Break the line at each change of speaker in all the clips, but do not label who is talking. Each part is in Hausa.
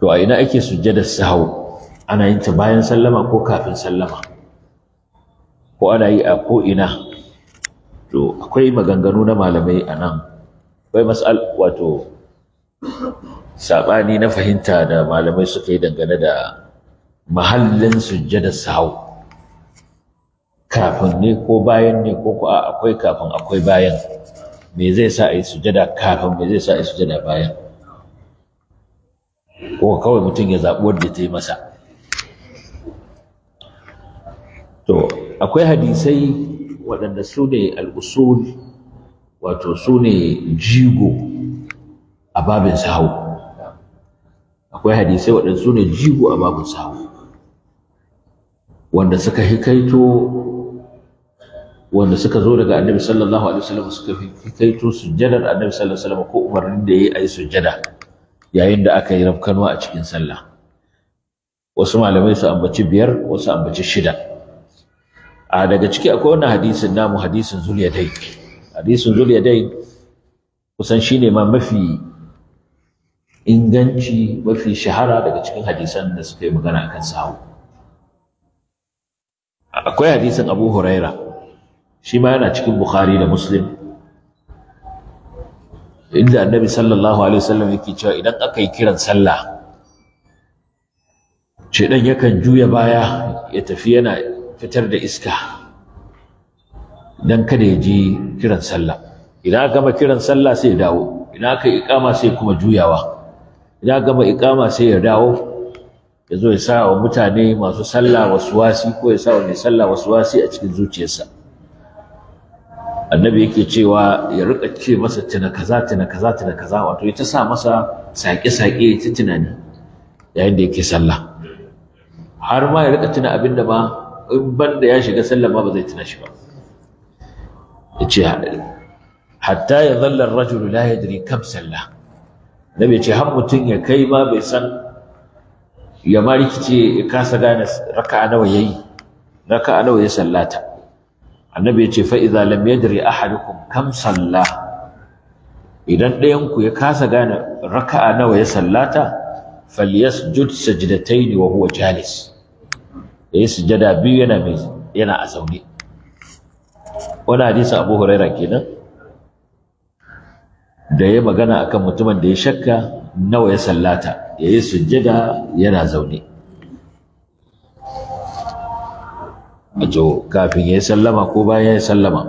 to a ina ake sujjada sahau ana yin ta bayan sallama ko kafin sallama ko ana yi a ko ina to akwai maganganu na malamai a nan akwai mas'al wato saɓani na fahimta da malamai suka yi dangane da mahallin sujjada sahau kafin ne ko bayan ne ko akwai kafin akwai bayan me zai sa a yi sujada kafin me zai sa a yi sujada bayan ko kawai mutum ya zaɓi wanda ta yi masa to akwai hadisai waɗanda su ne al'usul wato su ne jigo a babin sahu akwai hadisai waɗanda su ne jigo a babin sahu wanda suka hikaito wanda suka zo daga annabi sallallahu alaihi wasallam suka hikaito sujjadar annabi sallallahu alaihi wasallam ko umarnin da yayi ayi sujjada yayin da aka yi rafkanwa a cikin sallah wasu malamai su ambaci biyar wasu ambaci shida a daga ciki akwai wannan hadisin namu hadisin zuliyadai hadisin zuliyadai kusan shine ma mafi inganci mafi shahara daga cikin hadisan da suka yi magana akan sahu akwai hadisin abu huraira shi ma yana cikin bukhari da muslim inda annabi sallallahu alaihi wasallam yake cewa idan aka yi kiran sallah shedan yakan juya baya ya tafi yana fitar da iska dan kada ya ji kiran sallah idan aka gama kiran sallah sai ya dawo idan aka iqama sai kuma juyawa idan aka gama iqama sai ya dawo ya zo ya sa wa mutane masu sallah wasu wasi ko ya sa wa mai sallah wasu wasi a cikin zuciyarsa annabi yake cewa ya rika ce masa tuna kaza tuna kaza tuna kaza wato ya ta sa masa saƙe-saƙe ta tunani yayin da yake sallah har ma ya rika tuna abin da ma in banda ya shiga sallah ma ba zai tuna shi ba ya ce hatta ya zalla rajul la yadri kam sallah annabi ya ce har mutum ya kai ma bai san ya ma rikice ya kasa gane raka'a nawa yayi raka'a nawa ya sallata annabi ya ce fa idza lam yadri ahadukum kam idan ɗayanku ya kasa gane raka'a nawa ya sallata falyasjud sajdatayn wa huwa jalis yayi sujada biyu yana mai yana a zaune wani hadisi abu huraira kenan da ya magana akan mutumin da ya shakka nawa ya sallata yayi sujada yana zaune to kafin ya sallama ko bayan ya sallama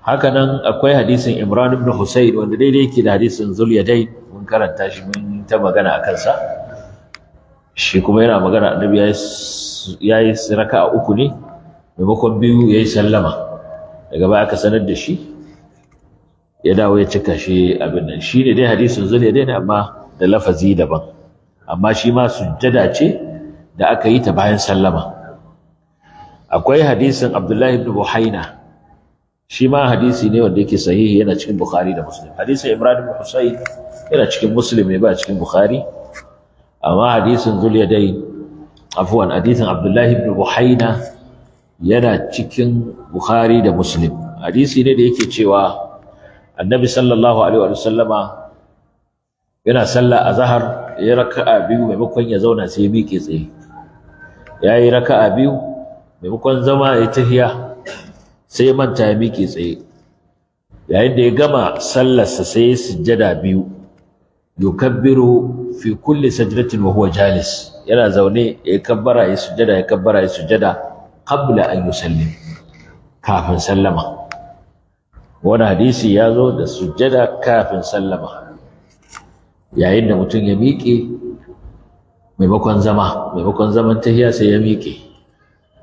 hakanan akwai hadisin Imran ibn Husayn wanda daidai yake da hadisin Zulyadai mun karanta shi mun ta magana a kansa shi kuma yana magana annabi ya yi raka'a uku ne maimakon biyu yayi yi sallama daga baya aka sanar da shi ya dawo ya cika shi abin nan shi ne dai hadisin Zulyadai ne amma da lafazi daban amma shi ma sujjada ce da aka yi ta bayan sallama akwai hadisin abdullahi ibn buhaina shi ma hadisi ne wanda yake sahihi yana cikin bukhari da muslim hadisin imran ibn husayn yana cikin muslim ne ba cikin bukhari amma hadisin zulyadai afwan hadisin abdullahi ibn buhaina yana cikin bukhari da muslim hadisi ne da yake cewa annabi sallallahu alaihi wa sallama yana sallah azhar ya raka'a biyu maimakon ya zauna sai ya miƙe tsaye yayi raka'a biyu maimakon zama ya tahiya sai manta ya miƙe tsaye yayin da ya gama sallarsa sai ya sujjada biyu yukabbiru fi kulli sajdatin wa huwa jalis yana zaune ya kabbara ya sujjada ya kabbara ya sujjada qabla an yusallim kafin sallama wani hadisi ya zo da sujjada kafin sallama yayin da mutum ya miƙe maimakon zama maimakon zaman tahiya sai ya miƙe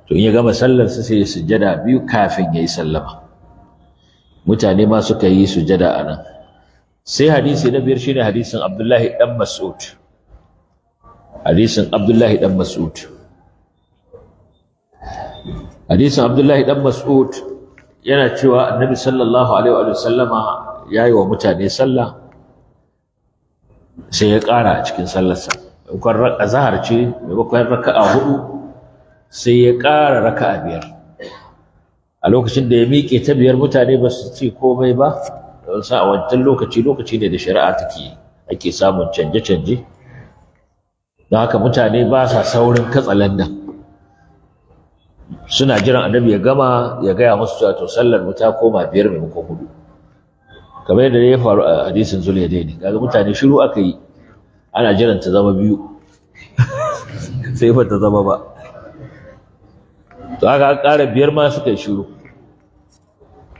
to in ya gama sallarsa sai ya sujjada biyu kafin ya yi sallama mutane ma suka yi sujjada a nan sai hadisi na biyar shine hadisin abdullahi dan mas'ud hadisin abdullahi dan mas'ud hadisin abdullahi dan mas'ud yana cewa annabi sallallahu alaihi wa sallama yayi wa mutane sallah sai ya ƙara cikin sallarsa maimakon azahar ce maimakon a hudu sai ya ƙara raka a biyar a lokacin da ya miƙe ta biyar mutane ba su ce komai ba don sa a wancan lokaci lokaci ne da shari'a take ake samun canje-canje don haka mutane ba sa saurin katsalandan suna jiran annabi ya gama ya gaya musu cewa to sallar mu ta koma biyar maimakon hudu kamar yadda ya faru a hadisin ne kaga mutane shiru aka yi ana jiran ta zama biyu sai ba ta zama ba to aka ƙara biyar ma suka shiru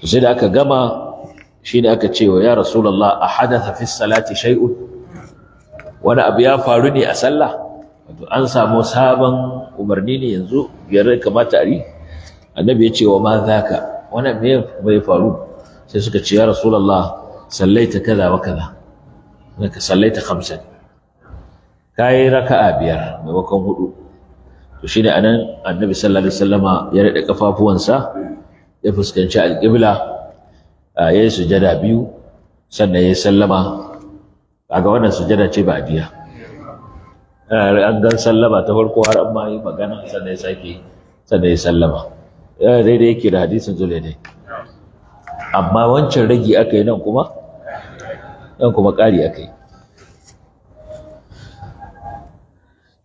to sai da aka gama shine aka ce wa ya rasulullah a hadasa fi salati shaiun. wani abu ya faru ne a sallah wato an samu sabon umarni ne yanzu biyar kamata a yi annabi ya ce wa ma ka. wani me bai faru sai suka ce ya rasulullah sallaita kaza wa kaza naka sallaita khamsan kayi raka'a biyar maimakon hudu to shi ne anan annabi sallallahu alaihi wasallama ya rade kafafuwansa ya fuskanci alƙibla ya yi sujada biyu sannan ya yi sallama kaga wannan sujada ce ba biya. an gan sallama ta farko har an ma yi magana sannan ya sake sannan ya sallama daidai yake da hadisin dai, amma wancan ragi aka yi nan kuma nan kuma ƙari aka yi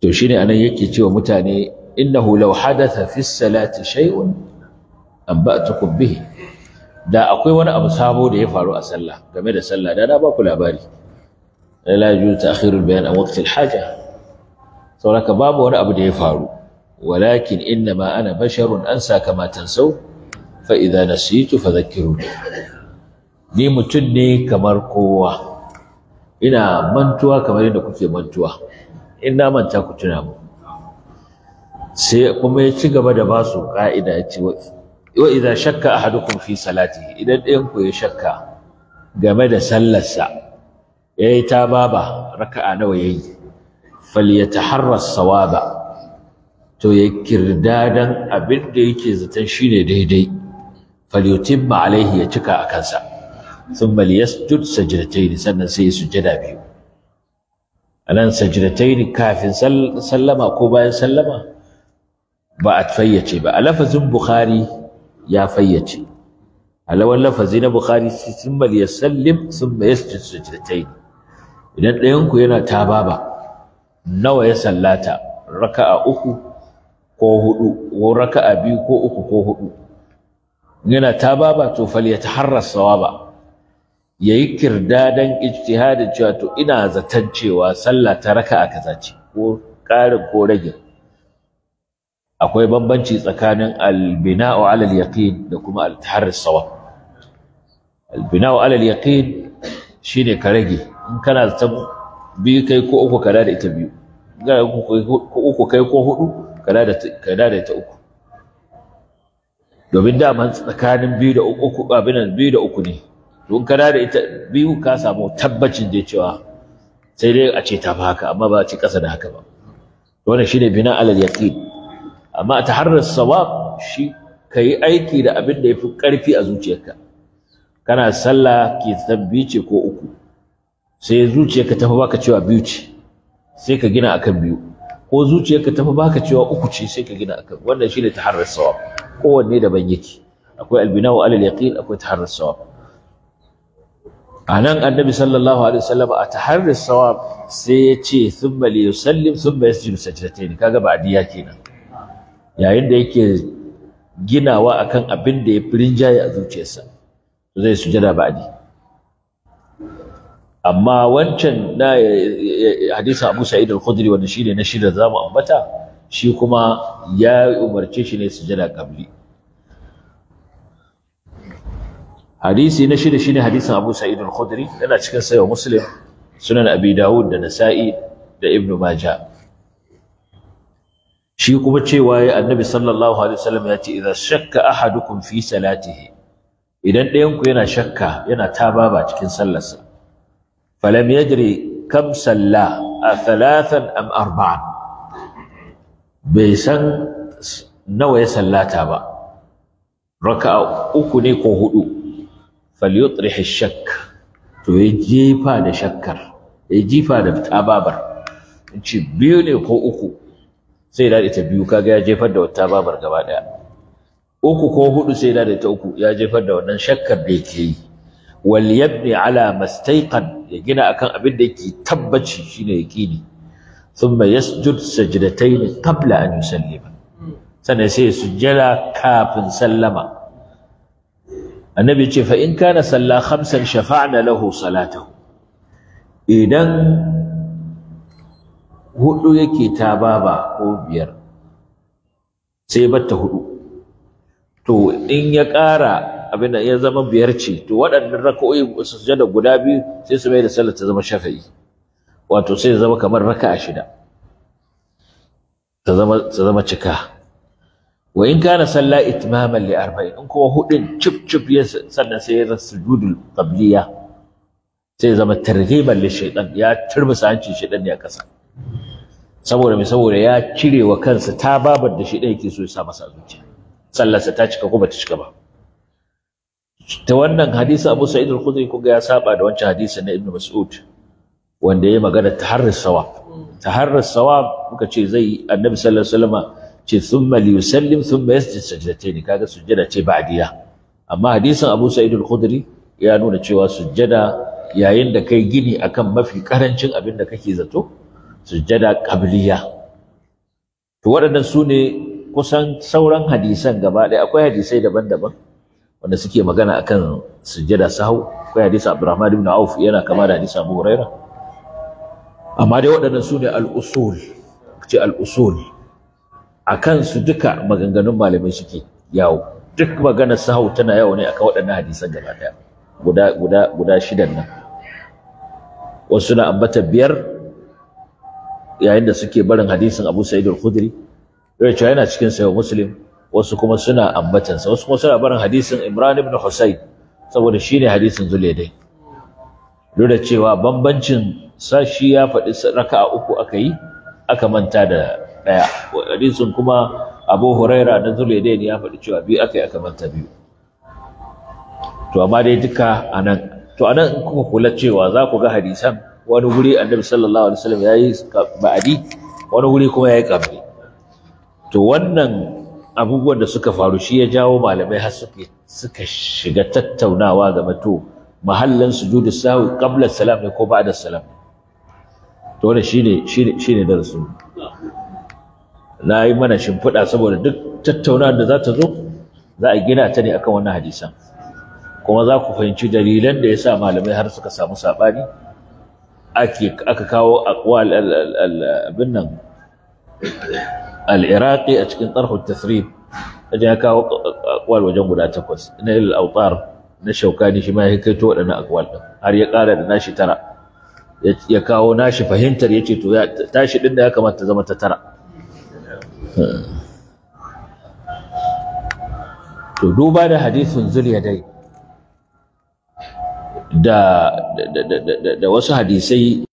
to shine anan yake cewa mutane innahu law hadatha fi salati shay'un anba'tukum bihi da akwai wani abu sabo da ya faru a sallah game da sallah da na ba ku labari la yaju ta'khirul bayan an waqti al-haja sauraka babu wani abu da ya faru walakin innama ana basharun ansa kama tansau fa idza nasitu fadhakkiruni ni mutum ne kamar kowa ina mantuwa kamar yadda kuke mantuwa in na manta ku tuna mu sai kuma ya ci gaba da ba su ka'ida ya ce wa idza shakka ahadukum fi salati. idan ɗayan ku ya shakka game da sallarsa yayi ta baba raka'a nawa yayi falyataharra sawaba to ya kirdadan abin da yake zaton shine daidai falyutimma alaihi ya cika a kansa thumma liyasjud sajdatayn sannan sai ya biyu anan nan sajidataini kafin sallama ko bayan sallama ba a fayyace ba a lafazin bukhari ya fayyace a lawan lafazi na bukhari sun bal ya sallim sun ba yasjud sajidataini idan ɗayanku yana tababa nawa ya sallata raka'a uku ko hudu ko raka'a biyu ko uku ko hudu yana tababa to fal yataharras sawaba yi kirdadan ijtihadi cewa to ina zaton cewa sallah ta a kaza ce ko ƙarin ko rage akwai bambanci tsakanin albina'u alal yaqin da kuma al-taharrus sawab albina'u alal yaqin shine ka rage in kana zaton biyu kai ko uku kada da ita biyu ga uku kai ko hudu kada da kada da ita uku domin daman tsakanin biyu da uku abin biyu da uku ne don kana da ita biyu ka samu tabbacin da cewa sai dai a ce ta fa haka amma ba a ci ƙasa da haka ba wannan shine bina alal yaqin amma taharrar sawab shi kai aiki da abin da yafi ƙarfi a zuciyarka kana sallah ki tabbice ko uku sai zuciyarka tafi baka cewa biyu ce sai ka gina akan biyu ko zuciyarka tafi baka cewa uku ce sai ka gina akan wannan shine taharrar sawab kowanne daban yake akwai wa alal yaqin akwai taharrar sawab a nan annabi sallallahu alaihi wasallam a taharris sawab sai ya ce thumma li yusallim thumma yasjud sajdatayn kaga ba adiya kenan yayin da yake ginawa akan abin da ya rinjaye a zuciyarsa zai sujada adi amma wancan na hadisi Abu Sa'id al-Khudri wanda shine na shida zamu ambata shi kuma ya umarce shi ne sujada qabli hadisi na shida shine hadisin Abu Sa'id al-Khudri yana cikin sahih Muslim sunan Abi Dawud da Nasa'i da Ibn Majah shi kuma cewa ya annabi sallallahu alaihi wasallam ya ce idza shakka ahadukum fi salatihi idan ɗayan ku yana shakka yana tababa cikin sallarsa falam yajri kam salla a thalathan am arba'an bai san nawa ya sallata ba raka'a uku ne ko hudu falyutrih shakk to ya jefa da shakkar ya jifa da tababar ce biyu ne ko uku sai da ita biyu kaga ya jefar da wata tababar gaba daya uku ko huɗu sai da ita uku ya jefar da wannan shakkar da yake yi wal yabni ala mastaiqan ya gina akan abin da yake tabbaci shine yaqini thumma yasjud sajdatayn qabla an yusallima sannan sai sujjada kafin sallama annabi ce fa in kana salla khamsan shafa'na lahu salatahu idan hudu yake ta baba ko biyar sai batta hudu to in ya ƙara abin da ya zama biyar ce to waɗannan raka'o'i sujada guda biyu sai su mai da sallar ta zama shafa'i wato sai ya zama kamar raka'a shida ta zama ta zama cika wa in kana salla itmaman li arba'in in kuma hudin cip cip ya sannan sai ya sujudul qabliya sai zama targhiban li shaytan ya turbisa hancin shaytan ya a kasa saboda mai saboda ya cire wa kansa ta babar da shaytan yake so ya sa masa zuciya sallarsa ta cika ko bata cika ba ta wannan hadisi Abu Sa'id al-Khudri ga ya saba da wancan hadisi na Ibn Mas'ud wanda ya magana taharrus sawab taharrus sawab muka ce zai annabi sallallahu alaihi wasallama ce thumma liyusallim thumma yasjud sajdatayn kaga sujjada ce ba'diya amma hadisin Abu Sa'id al-Khudri ya nuna cewa sujada yayin da kai gini akan mafi karancin abin da kake zato sujada qabliya to waɗannan su ne kusan sauran hadisan gaba ɗaya akwai hadisai daban-daban wanda suke magana akan sujjada sahu akwai hadisi Abdurrahman ibn Auf yana kama da hadisi Abu Huraira amma dai waɗannan su ne Al-Usul al-usul ce Al-Usul. a su duka maganganun malamai suke yawo duk maganar sahau tana yawo ne akan waɗannan hadisan gaba ɗaya guda guda guda shidan nan wasu na ambata biyar yayin da suke barin hadisin Abu Sa'id al-Khudri yayin cewa yana cikin sayo Muslim wasu kuma suna ambatansa wasu kuma suna barin hadisin Imran ibn Husayn saboda shine hadisin zulaidai duk da cewa bambancin sashi ya faɗi raka'a uku aka yi aka manta da daya hadisin kuma Abu Huraira na Zulaidain ya faɗi cewa biyu akai aka manta biyu to amma dai duka anan to anan in kuka kula cewa za ku ga hadisan wani guri Annabi sallallahu alaihi wasallam yi ba'adi wani guri kuma ya yi qabli to wannan abubuwan da suka faru shi ya jawo malamai har suke suka shiga tattaunawa game to mahallan sujudu sahu qabla salam ko ba'da salam to wannan shine shine shine darasin na yi mana shimfiɗa saboda duk tattaunawar da za ta zo za a gina ta ne akan wannan hadisan kuma za ku fahimci dalilan da ya sa malamai har suka samu saɓani aka kawo aqwal abin nan al-iraqi a cikin tarhut Wajen ya kawo aqwal wajen guda takwas na al-awtar na ne shi ma ya kai to waɗannan akwal ɗin har ya ƙara da nashi tara ya kawo nashi fahimtar ya ce to tashi ɗin da ya kamata ta zama ta tara to duba da hadisin zuliyadai da da da wasu hadisai